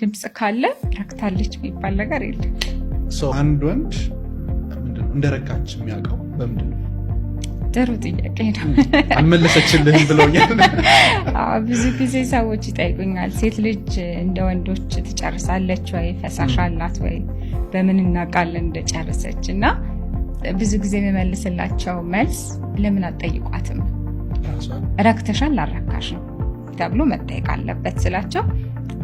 ድምፅ ካለ ረክታለች የሚባል ነገር የለም። አንድ ወንድ እንደረካች የሚያውቀው በምንድን ነው? ጥሩ ጥያቄ ነው። አልመለሰችልህም ብለውኛል። ብዙ ጊዜ ሰዎች ይጠይቁኛል፣ ሴት ልጅ እንደ ወንዶች ትጨርሳለች ወይ፣ ፈሳሽ አላት ወይ፣ በምን እናውቃለን እንደጨረሰች? እና ብዙ ጊዜ የምመልስላቸው መልስ ለምን አትጠይቋትም፣ ረክተሻል አልረካሽም ተብሎ መጠየቅ አለበት ስላቸው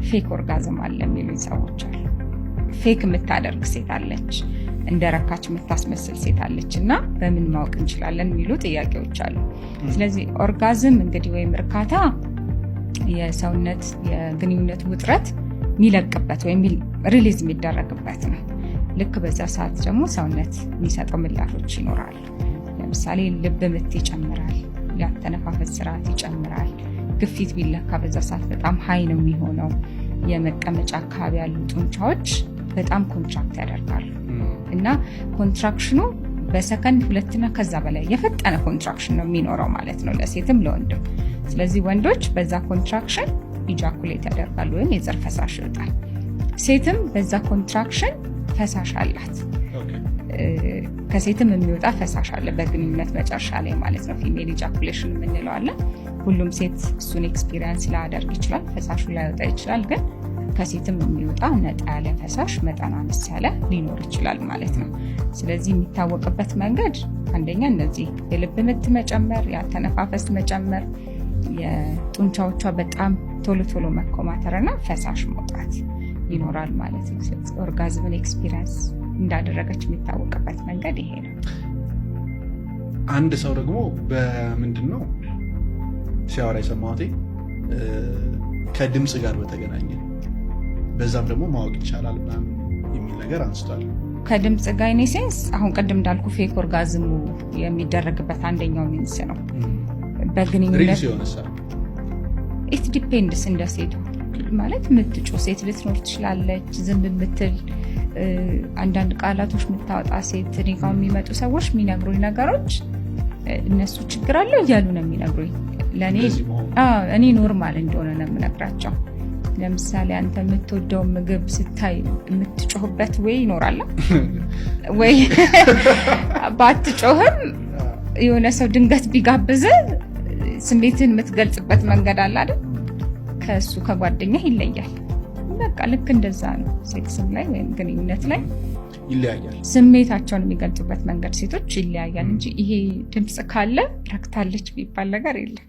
ፌክ ኦርጋዝም አለ የሚሉኝ ሰዎች አሉ። ፌክ የምታደርግ ሴት አለች፣ እንደ ረካች የምታስመስል ሴት አለች እና በምን ማወቅ እንችላለን የሚሉ ጥያቄዎች አሉ። ስለዚህ ኦርጋዝም እንግዲህ ወይም እርካታ የሰውነት የግንኙነት ውጥረት የሚለቅበት ወይም ሪሊዝ የሚደረግበት ነው። ልክ በዛ ሰዓት ደግሞ ሰውነት የሚሰጠው ምላሾች ይኖራሉ። ለምሳሌ ልብ ምት ይጨምራል፣ ያተነፋፈስ ስርዓት ይጨምራል። ግፊት ቢለካ በዛ ሰዓት በጣም ሀይ ነው የሚሆነው። የመቀመጫ አካባቢ ያሉ ጡንቻዎች በጣም ኮንትራክት ያደርጋሉ እና ኮንትራክሽኑ በሰከንድ ሁለትና ከዛ በላይ የፈጠነ ኮንትራክሽን ነው የሚኖረው ማለት ነው ለሴትም ለወንድም። ስለዚህ ወንዶች በዛ ኮንትራክሽን ኢጃኩሌት ያደርጋሉ ወይም የዘር ፈሳሽ ይወጣል። ሴትም በዛ ኮንትራክሽን ፈሳሽ አላት። ከሴትም የሚወጣ ፈሳሽ አለ በግንኙነት መጨረሻ ላይ ማለት ነው። ፊሜል ኢጃኩሌሽን የምንለው አለ። ሁሉም ሴት እሱን ኤክስፒሪየንስ ላያደርግ ይችላል። ፈሳሹ ላይወጣ ይችላል። ግን ከሴትም የሚወጣ ነጣ ያለ ፈሳሽ መጠን አነስ ያለ ሊኖር ይችላል ማለት ነው። ስለዚህ የሚታወቅበት መንገድ አንደኛ እነዚህ የልብ ምት መጨመር፣ የአተነፋፈስ መጨመር፣ የጡንቻዎቿ በጣም ቶሎ ቶሎ መኮማተር እና ፈሳሽ መውጣት ይኖራል ማለት ነው። ኦርጋዝምን ኤክስፒሪየንስ እንዳደረገች የሚታወቅበት መንገድ ይሄ ነው። አንድ ሰው ደግሞ በምንድን ነው ሲያወራ የሰማቴ ከድምፅ ጋር በተገናኘ በዛም ደግሞ ማወቅ ይቻላል የሚል ነገር አንስቷል። ከድምፅ ጋር ኔ ሴንስ አሁን ቅድም እንዳልኩ ፌክ ኦርጋዝሙ የሚደረግበት አንደኛው ሚንስ ነው። በግንኙነት ኢት ዲፔንድስ እንደ ሴቱ ማለት ምትጮ ሴት ልትኖር ትችላለች፣ ዝም የምትል አንዳንድ ቃላቶች የምታወጣ ሴት እኔ ጋር የሚመጡ ሰዎች የሚነግሩኝ ነገሮች እነሱ ችግር አለው እያሉ ነው የሚነግሩኝ። ለእኔ እኔ ኖርማል እንደሆነ ነው የምነግራቸው። ለምሳሌ አንተ የምትወደው ምግብ ስታይ የምትጮህበት ወይ ይኖራል ወይ ባትጮህም የሆነ ሰው ድንገት ቢጋብዝ ስሜትን የምትገልጽበት መንገድ አለ አይደል? ከእሱ ከጓደኛ ይለያል። ልክ እንደዛ ነው። ሴክስም ላይ ወይም ግንኙነት ላይ ይለያያል። ስሜታቸውን የሚገልጹበት መንገድ ሴቶች ይለያያል እንጂ ይሄ ድምፅ ካለ ረክታለች የሚባል ነገር የለም።